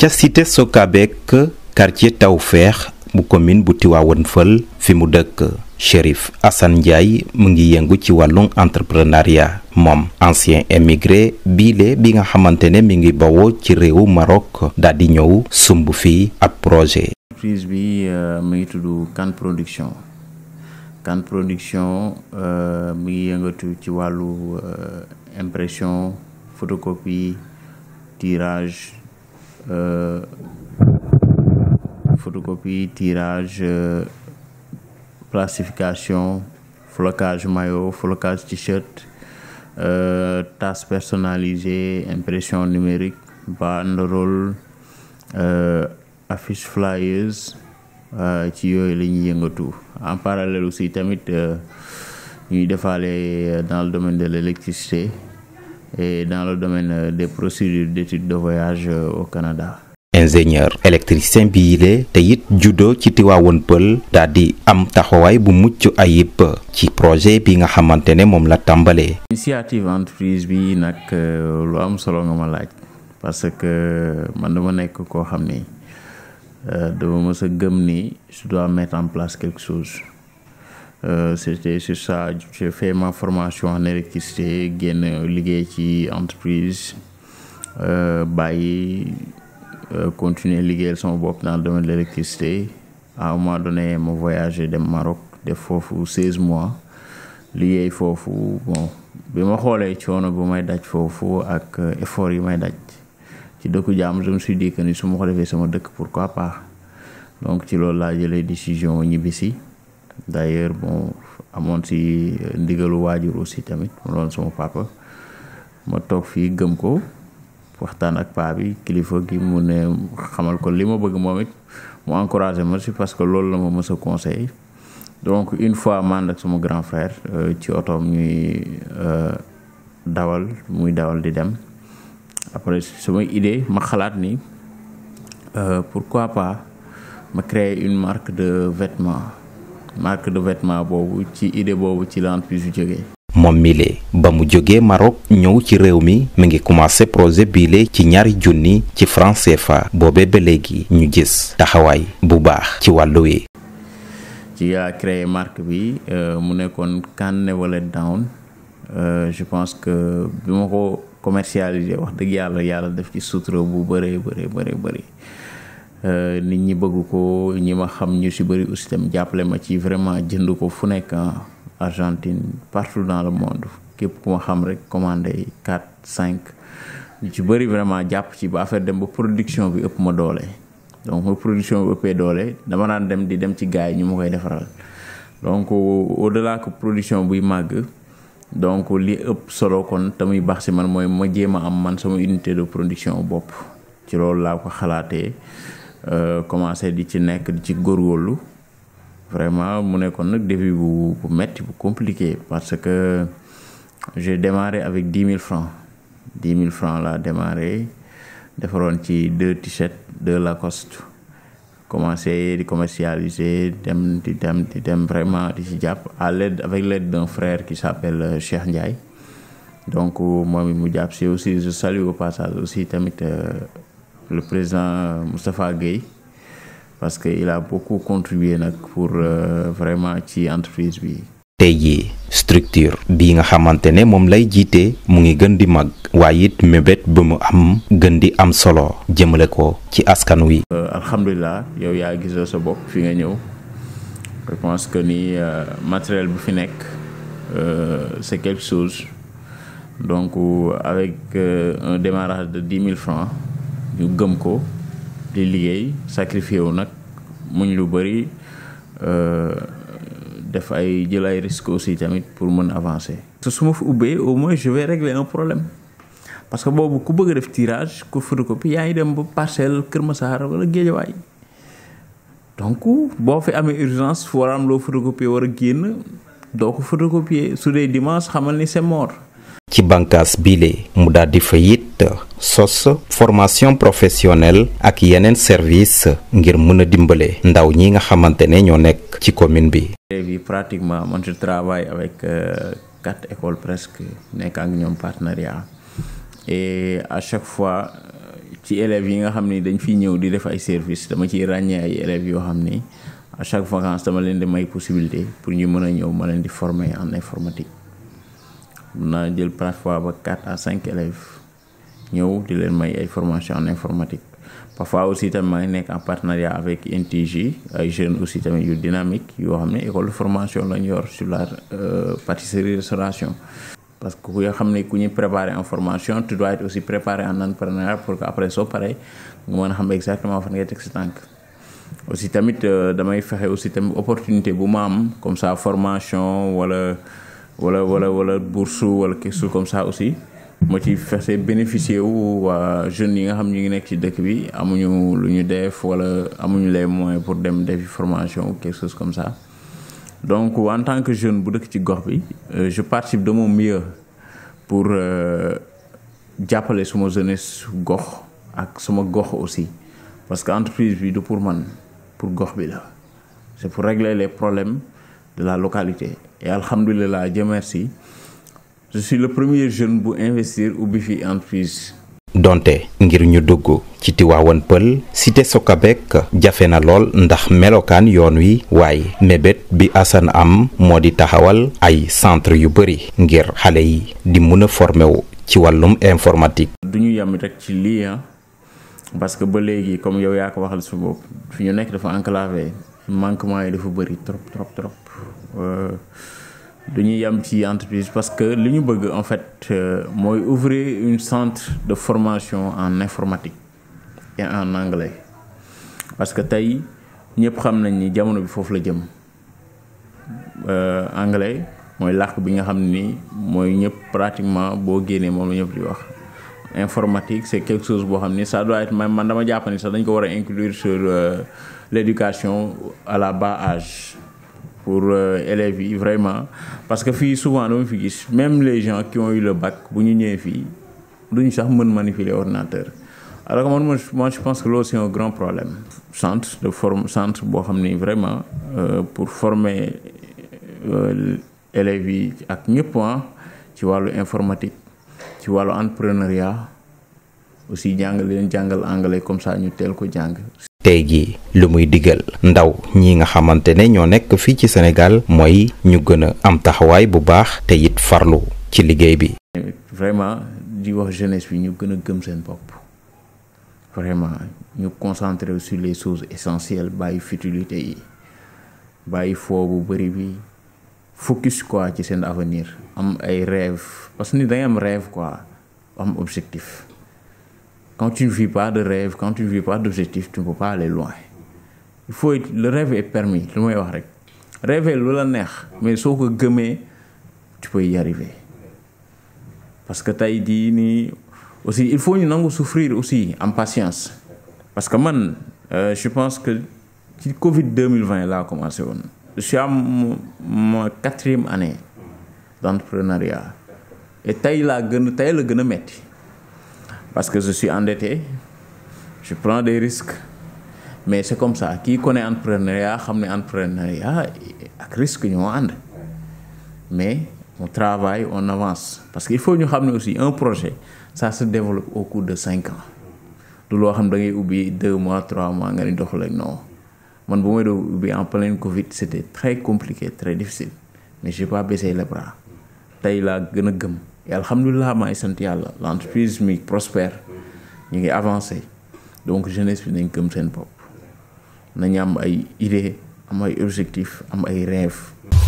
ca cité Sokabek quartier Tawfeex bu commune bu Tivaouane Fël fi mu dëkk Chérif Assane Ndiaye mu ngi yëngu ci wàllu entrepreneuriat moom ancien émigré biile bi nga xamante ne mi ngi bawoo ci réewu Maroc daal di ñëw sumb fii ab projet. entreprise bi euh, mu ngi tudd Kan Production Kan Production euh, mu ngi yëngatu ci wàllu euh, impression photocopie tirage. Euh, photocopie tirage euh, plastification flocage maillot flocage t-shirt euh, tasse personnalisée impression numérique banderole affiche flyers ci yooyu la ñuy yëngatu en parallèle aussi tamit ñuy defaale dans le domaine de l'électricité et dans le domaine euh, des procédures d'études de voyage euh, au Canada. ingénieur électricien bii te it judo ci Tiwaawoon Pël daal di am taxawaay bu mucc ayib ci projet bi nga xamante ne moom la tàmbalee. initiative entreprise bi nag euh, lu am solo nga ma laaj parce que man dama nekk koo xam ni dama mës a gëm ni je dois mettre en place quelque chose. Euh, c'était sur ça j'ai fait ma formation en génn liggéey ci entreprise euh, bàyyi euh, continuer liggéeyal sama bopp naa le domaine de l'électricité à un moment donné ma dem Maroc def foofu seize mois liggéey foofu bi ma xoolee coono bu may daj foofu ak euh, effort yi may daj ci dëkku jaam je me suis dit su ma ko defee sama dëkk pourquoi pas donc ci loolu laa jëlee décision ñibbisi d'ailleurs bon amoon si ndigalu waajur aussi tamit mu doon sama papa ma toog fii gëm ko waxtaan ak paa bi kilifa gi mu ne xamal ko li ma bëgg moom it mu encouragé ma si parce que loolu la ma mës a conseil donc une fois man ak sama grand frère euh, ci otoom ñuy euh, dawal muy dawal di dem après sama idée ma xalaat ni euh, pourquoi pas ma créer une marque de vêtements marque de vêtement boobu ci idée boobu ci l'entreprise bu jógee. moom mile ba mu jógee Maroc ñëw ci réew mi mi ngi commencé projet biile ci ñaari junni ci français CFA boobee ba léegi ñu gis taxawaay bu baax ci wàllu wi. ci yaa créé marque bi euh, mu nekkoon Canne wala Down euh, je pense que bi ko commercialisé wax dëgg yàlla yàlla def ci sutura bu bëree bëree bëri bëri. Euh, nit ñi bëgg ko ñi ma xam ñu si bëri aussi tam jàppale ma ci vraiment jënd ko fu nekk Argentine partout dans le monde képp ku ma xam rek commandé quatre cinq ñu ci bëri vraiment jàpp ci ba affaire dem ba production bi ëpp ma doole donc ma production bi ëppee doole dama daan dem di dem ci gars yi ñu ma koy defaral donc au delà que production buy màgg donc li ëpp solo kon te muy baax si man mooy ma jéem a am man sama unité de production bopp ci loolu laa ko xalaatee Euh, commencé di ci nekk di ci góorgóorlu vraiment mu nekkoon nag début bu bu metti bu compliqué parce que j'ai démarré avec dix mille francs dix mille francs laa démarré defaroon ci deux t-shirts deux la Lacoste commencé di commercialiser dem di dem di dem vraiment di ci jàpp à l'aide avec l'aide d'un frère qui s'appelle euh, Cheikh Ndiaye donc euh, moom it mu jàpp si aussi je salue au passage aussi tamit. le président Moustapha Gueye parce que il a beaucoup contribué nag pour euh, vraiment ci entreprise bi. tey jii structure bii nga xamante ne moom lay jiite mu ngi gën di mag waaye it mébét ba mu am gën di am solo jëmale ko ci askan wi. Euh, alhamdulilah yow yaa gisoo sa bopp fi nga ñëw je pense que ni euh, matériel bu fi nekk c'est quelque chose donc avec un démarrage de dix mille francs. ñu gëm ko di liggéey sacrifié wu nag muñ lu bëri euh, def ay jël ay risques aussi tamit pour mën avancer. te su ma fi ubbee au moins je vais régler un problème parce que boobu ku bëgg a def tirage ku photocopie yaa ngi dem ba Parcelles Kër Massar wala Guédiawaye donc boo fi amee urgence war a am loo photocopier war a génn doo ko photocopier su dee dimanche xamal ni c'est ci bànkaas biile mu daal di fa it sos formation professionnelle ak yeneen service ngir mën a dimbale ndaw ñi nga xamante ne ñoo nekk ci commune bi. bi pratiquement man je travaille avec euh, quatre école presque nekk ak ñoom partenariat et à chaque fois euh, ci élèves yi nga xam ni dañ fi ñëw di def ay service dama ciy ràññee ay élèves yoo xam ni à chaque vacance dama leen di may possibilité pour ñu mën a ñëw ma leen di former en informatique. naa jël parfois ba quatre à cinq élèves ñëw di leen may ay formation en informatique parfois aussi tamit maa ngi nekk en partenariat avec NTJ ay jeunes aussi tamit yu dynamique yoo xam ne école de formation lañu yor sur la euh, pâtisserie restauration parce que ku yoo xam ne ku ñuy préparer en formation tu aussi préparé en entrepreneuriat pour que après soo paree nga mën xam exactement fan ngay teg sa tànk aussi tamit euh, damay fexe aussi tamit opportunité bu maam comme ça formation wala wala wala wala bourse wala quelque chose comme ça aussi moo ci fexe bénéficier wu waa jeunes yi nga xam ñu ngi nekk ci dëkk bi amuñu lu ñu def wala amuñu les moyens pour dem defi formation ou comme sax donc en tant que jeune bu dëkk ci gox bi euh, je participe de mon mieux pour euh, jàppale suma jeunesse gox ak suma gox aussi parce que entreprise bi du pour man pour gox bi la c'est pour régler les problèmes de la localité et alhamdulilah Dieu merci je suis le premier jeune bu investir ubbi fi entreprise. donte ngir ñu dugg ci Tiwaawan Pël cité Sokabek jafe na lool ndax melokaan yoon wi waaye mébét bi Assane am moo di taxawal ay centre yu bëri ngir xale yi di mën a formé wu ci wàllum informatique. du ñu yem rek ci lii ah, parce que ba léegi comme yow yaa ko waxal su bopp fi ñu nekk dafa enclavé manquement yi dafa bëri trop trop trop. Euh, duñu yam ci entreprise parce que li ñu bëgg en fait euh, mooy ouvrir une centre de formation en informatique et en anglais parce que tey ñëpp xam nañ ni jamono bi foofu la jëm euh, anglais mooy làkk bi nga xam ni mooy ñëpp pratiquement boo génnee moom la ñëpp di wax informatique c'est quelque chose boo xam ni ça doit être man dama jàpp ni sax dañ ko war a inclure sur l'éducation à la bas age pour euh, élèves yi vraiment parce que fii souvent dama fi gis même les gens qui ont eu le bac bu ñu ñëwee fii ñu sax mën manipuler ordinateur alors que man moi je pense que loolu c'est un grand problème centre de forme centre boo xam ni vraiment euh, pour former euh, élèves yi ak ñëpp ah, ci wàllu informatique ci wàllu entrepreneuriat aussi jàng leen jàngal anglais comme ça ñu teel ko jàng tey jii lu muy digal ndaw ñi nga xamante ne ñoo nekk fii ci Sénégal mooy ñu gën a am taxawaay bu baax te it farlu ci liggéey bi. vraiment di wax jeunesse bi ñu gën a gëm seen bopp vraiment ñu concentrer sur les choses essentielles bàyyi futilité yi bàyyi foo bu bëri bi focus quoi ci seen avenir am ay rêve parce que ni quoi am objectif. Quand tu ne vis pas de rêve, quand tu ne vis pas d'objectif, tu ne peux pas aller loin. Il faut le rêve est permis, lu may wax rek rêver lu la neex mais soo ko gëmee tu peux y arriver parce que tey di nii aussi il faut ñu nangu souffrir aussi en patience parce que man euh, je pense que ci Covid 2020 laa commencé woon je suis à ma quatrième année d'entrepreneuriat et tey laa gën tey la gën a metti parce que je suis endetté je prends des risques mais c'est comme ça kii connaît entrepreneuriat xam ne entrepreneuriat ak risque ñoo ànd mais on travaille on avance parce que il faut ñu xam ne aussi un projet ça se développe au cours de cinq ans du loo xam da ngay ubbi deux mois trois mois nga ni doxul ak non man bu may doo ubbi en pleine Covid c'était très compliqué très difficile mais j'ai pas baissé les bras tey laa gën a gëm. et alhamdulilah ay sant yàlla l' entreprise mi prospère ñu ngi avancé donc jeunesse bi nañ gëm seen bopp nañ am ay idée am ay objectif am ay rêve